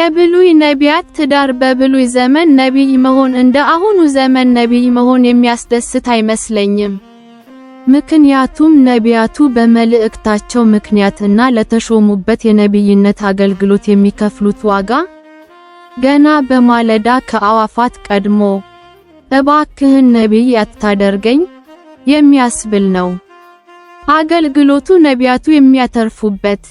የብሉይ ነቢያት ትዳር በብሉይ ዘመን ነቢይ መሆን እንደ አሁኑ ዘመን ነቢይ መሆን የሚያስደስት አይመስለኝም። ምክንያቱም ነቢያቱ በመልእክታቸው ምክንያትና ለተሾሙበት የነቢይነት አገልግሎት የሚከፍሉት ዋጋ ገና በማለዳ ከአዋፋት ቀድሞ እባክህን ነቢይ አታደርገኝ የሚያስብል ነው። አገልግሎቱ ነቢያቱ የሚያተርፉበት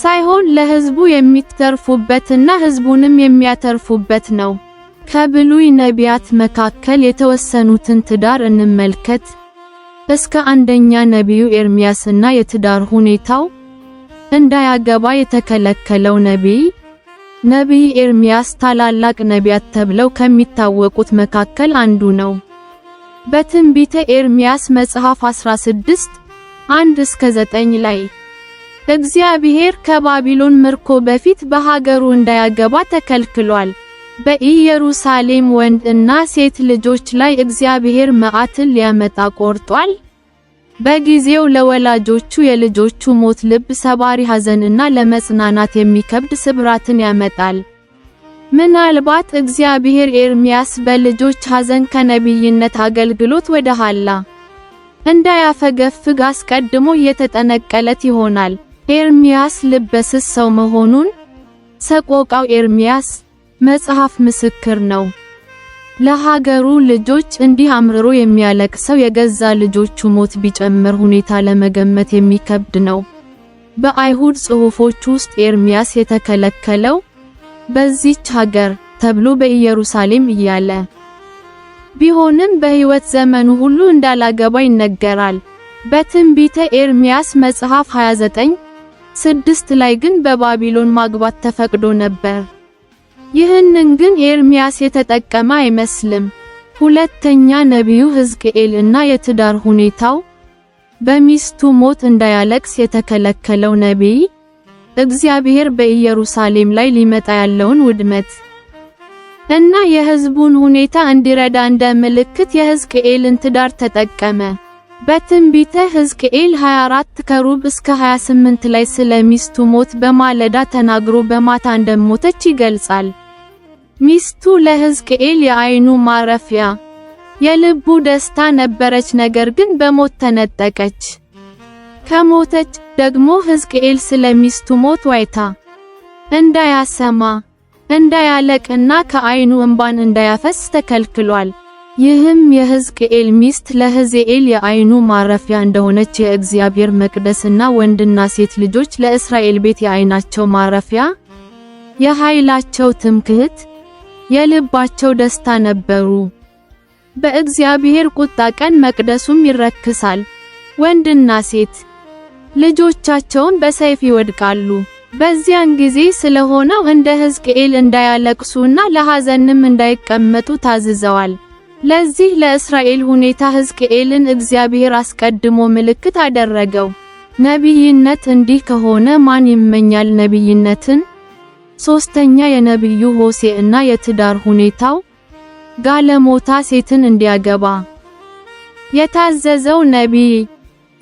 ሳይሆን ለህዝቡ የሚተርፉበትና ህዝቡንም የሚያተርፉበት ነው። ከብሉይ ነቢያት መካከል የተወሰኑትን ትዳር እንመልከት። እስከ አንደኛ ነቢዩ ኤርምያስና የትዳር ሁኔታው እንዳያገባ የተከለከለው ነቢይ ነቢይ ኤርምያስ ታላላቅ ነቢያት ተብለው ከሚታወቁት መካከል አንዱ ነው። በትንቢተ ኤርምያስ መጽሐፍ 16 1 እስከ 9 ላይ እግዚአብሔር ከባቢሎን ምርኮ በፊት በሀገሩ እንዳያገባ ተከልክሏል። በኢየሩሳሌም ወንድ እና ሴት ልጆች ላይ እግዚአብሔር መዓትን ሊያመጣ ቆርጧል። በጊዜው ለወላጆቹ የልጆቹ ሞት ልብ ሰባሪ ሐዘንና ለመጽናናት የሚከብድ ስብራትን ያመጣል። ምናልባት እግዚአብሔር ኤርሚያስ በልጆች ሐዘን ከነቢይነት አገልግሎት ወደ ኋላ እንዳያፈገፍግ አስቀድሞ እየተጠነቀለት ይሆናል። ኤርሚያስ ልበስስ ሰው መሆኑን ሰቆቃው ኤርሚያስ መጽሐፍ ምስክር ነው። ለሀገሩ ልጆች እንዲህ አምርሮ የሚያለቅሰው የገዛ ልጆቹ ሞት ቢጨምር ሁኔታ ለመገመት የሚከብድ ነው። በአይሁድ ጽሑፎች ውስጥ ኤርሚያስ የተከለከለው በዚች ሀገር ተብሎ በኢየሩሳሌም እያለ ቢሆንም በሕይወት ዘመኑ ሁሉ እንዳላገባ ይነገራል። በትንቢተ ኤርሚያስ መጽሐፍ 29 ስድስት ላይ ግን በባቢሎን ማግባት ተፈቅዶ ነበር። ይህንን ግን ኤርሚያስ የተጠቀመ አይመስልም። ሁለተኛ ነቢዩ ሕዝቅኤል እና የትዳር ሁኔታው በሚስቱ ሞት እንዳያለቅስ የተከለከለው ነቢይ እግዚአብሔር በኢየሩሳሌም ላይ ሊመጣ ያለውን ውድመት እና የሕዝቡን ሁኔታ እንዲረዳ እንደ ምልክት የሕዝቅኤልን ትዳር ተጠቀመ። በትንቢተ ሕዝቅኤል 24 ከሩብ እስከ 28 ላይ ስለ ሚስቱ ሞት በማለዳ ተናግሮ በማታ እንደሞተች ይገልጻል። ሚስቱ ለሕዝቅኤል የዓይኑ ማረፊያ፣ የልቡ ደስታ ነበረች። ነገር ግን በሞት ተነጠቀች። ከሞተች ደግሞ ሕዝቅኤል ስለ ሚስቱ ሞት ዋይታ እንዳያሰማ እንዳያለቅና ከዓይኑ እንባን እንዳያፈስ ተከልክሏል። ይህም የሕዝቅኤል ሚስት ለሕዝኤል የአይኑ ማረፊያ እንደሆነች የእግዚአብሔር መቅደስና ወንድና ሴት ልጆች ለእስራኤል ቤት የአይናቸው ማረፊያ፣ የኃይላቸው ትምክህት፣ የልባቸው ደስታ ነበሩ። በእግዚአብሔር ቁጣ ቀን መቅደሱም ይረክሳል። ወንድና ሴት ልጆቻቸውን በሰይፍ ይወድቃሉ። በዚያን ጊዜ ስለሆነው እንደ ሕዝቅኤል እንዳያለቅሱና ለሐዘንም እንዳይቀመጡ ታዝዘዋል። ለዚህ ለእስራኤል ሁኔታ ሕዝቅኤልን እግዚአብሔር አስቀድሞ ምልክት አደረገው። ነቢይነት እንዲህ ከሆነ ማን ይመኛል ነቢይነትን? ሶስተኛ የነቢዩ እና የትዳር ሁኔታው ጋለሞታ ሴትን እንዲያገባ የታዘዘው ነቢይ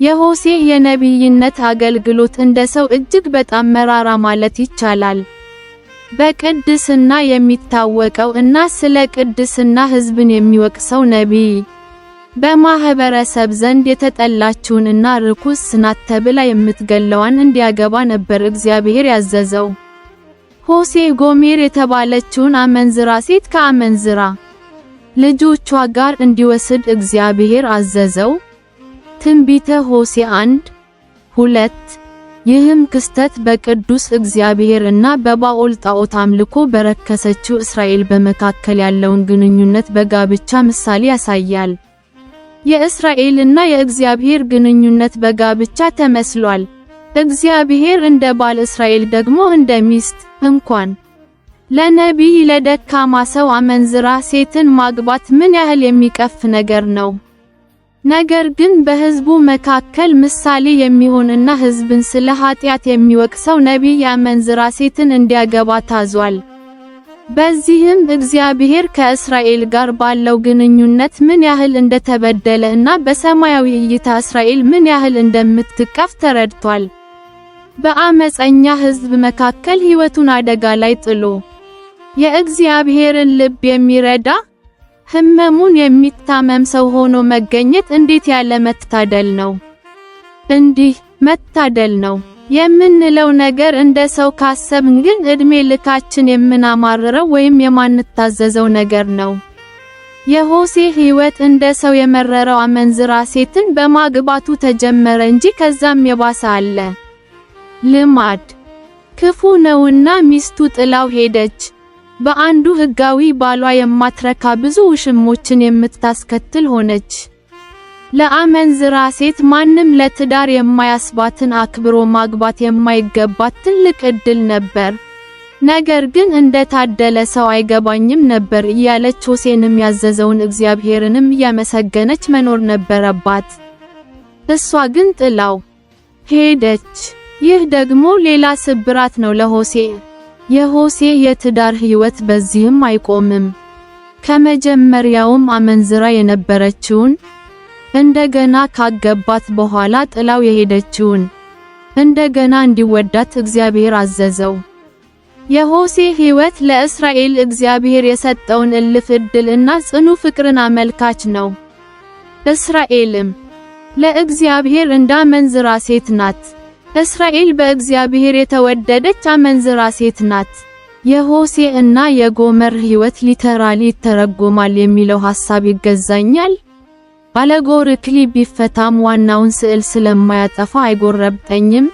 የሆሴዕ የነቢይነት አገልግሎት እንደ ሰው እጅግ በጣም መራራ ማለት ይቻላል። በቅድስና የሚታወቀው እና ስለ ቅድስና ሕዝብን የሚወቅሰው ነቢይ በማህበረሰብ ዘንድ እና ርኩስ ናት ተብላ የምትገለዋን እንዲያገባ ነበር እግዚአብሔር ያዘዘው። ሆሴ ጎሜር የተባለችውን አመንዝራ ሴት ከአመንዝራ ልጆቿ ጋር እንዲወስድ እግዚአብሔር አዘዘው። ትንቢተ ሆሴ አንድ ሁለት ይህም ክስተት በቅዱስ እግዚአብሔር እና በባኦል ጣዖት አምልኮ በረከሰችው እስራኤል በመካከል ያለውን ግንኙነት በጋብቻ ምሳሌ ያሳያል። የእስራኤልና የእግዚአብሔር ግንኙነት በጋብቻ ተመስሏል። እግዚአብሔር እንደ ባል፣ እስራኤል ደግሞ እንደ ሚስት። እንኳን ለነቢይ ለደካማ ሰው አመንዝራ ሴትን ማግባት ምን ያህል የሚቀፍ ነገር ነው! ነገር ግን በሕዝቡ መካከል ምሳሌ የሚሆንና ሕዝብን ስለ ኃጢአት የሚወቅሰው ነቢይ የአመንዝራ ሴትን እንዲያገባ ታዟል። በዚህም እግዚአብሔር ከእስራኤል ጋር ባለው ግንኙነት ምን ያህል እንደተበደለ እና በሰማያዊ እይታ እስራኤል ምን ያህል እንደምትቀፍ ተረድቷል። በአመፀኛ ሕዝብ መካከል ሕይወቱን አደጋ ላይ ጥሎ የእግዚአብሔርን ልብ የሚረዳ ህመሙን የሚታመም ሰው ሆኖ መገኘት እንዴት ያለ መታደል ነው! እንዲህ መታደል ነው የምንለው ነገር እንደ ሰው ካሰብን ግን እድሜ ልካችን የምናማርረው ወይም የማንታዘዘው ነገር ነው። የሆሴ ህይወት እንደ ሰው የመረረው አመንዝራ ሴትን በማግባቱ ተጀመረ እንጂ ከዛም የባሰ አለ። ልማድ ክፉ ነውና ሚስቱ ጥላው ሄደች። በአንዱ ህጋዊ ባሏ የማትረካ ብዙ ውሽሞችን የምታስከትል ሆነች። ለአመንዝራ ሴት ማንም ለትዳር የማያስባትን አክብሮ ማግባት የማይገባት ትልቅ እድል ነበር። ነገር ግን እንደ ታደለ ሰው አይገባኝም ነበር እያለች ሆሴንም ያዘዘውን እግዚአብሔርንም እያመሰገነች መኖር ነበረባት። እሷ ግን ጥላው ሄደች። ይህ ደግሞ ሌላ ስብራት ነው ለሆሴ። የሆሴ የትዳር ህይወት በዚህም አይቆምም። ከመጀመሪያውም አመንዝራ የነበረችውን እንደገና ካገባት በኋላ ጥላው የሄደችውን እንደገና እንዲወዳት እግዚአብሔር አዘዘው። የሆሴ ህይወት ለእስራኤል እግዚአብሔር የሰጠውን እልፍ እና ጽኑ ፍቅርን አመልካች ነው። እስራኤልም ለእግዚአብሔር እንደ አመንዝራ ሴት ናት። እስራኤል በእግዚአብሔር የተወደደች አመንዝራ ሴት ናት። የሆሴ እና የጎመር ሕይወት ሊተራሊ ይተረጎማል የሚለው ሐሳብ ይገዛኛል። አለጎሪክሊ ቢፈታም ዋናውን ስዕል ስለማያጠፋ አይጎረብጠኝም።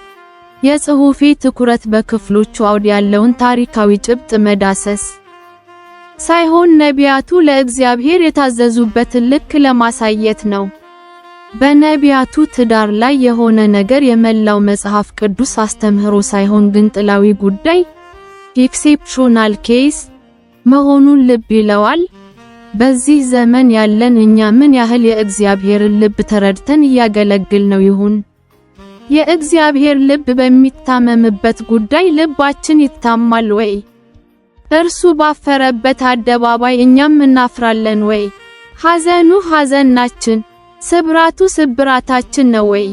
የጽሑፌ ትኩረት በክፍሎቹ አውድ ያለውን ታሪካዊ ጭብጥ መዳሰስ ሳይሆን ነቢያቱ ለእግዚአብሔር የታዘዙበትን ልክ ለማሳየት ነው። በነቢያቱ ትዳር ላይ የሆነ ነገር የመላው መጽሐፍ ቅዱስ አስተምህሮ ሳይሆን ግን ጥላዊ ጉዳይ ኤክሴፕሽናል ኬስ መሆኑን ልብ ይለዋል። በዚህ ዘመን ያለን እኛ ምን ያህል የእግዚአብሔርን ልብ ተረድተን እያገለግል ነው ይሁን? የእግዚአብሔር ልብ በሚታመምበት ጉዳይ ልባችን ይታማል ወይ? እርሱ ባፈረበት አደባባይ እኛም እናፍራለን ወይ? ሐዘኑ ሐዘናችን ስብራቱ ስብራታችን ነው ወይ?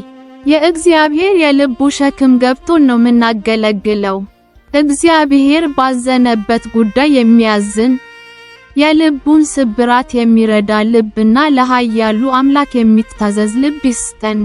የእግዚአብሔር የልቡ ሸክም ገብቶን ነው የምናገለግለው። እግዚአብሔር ባዘነበት ጉዳይ የሚያዝን የልቡን ስብራት የሚረዳ ልብና ለኃያሉ አምላክ የሚታዘዝ ልብ ይስጠን።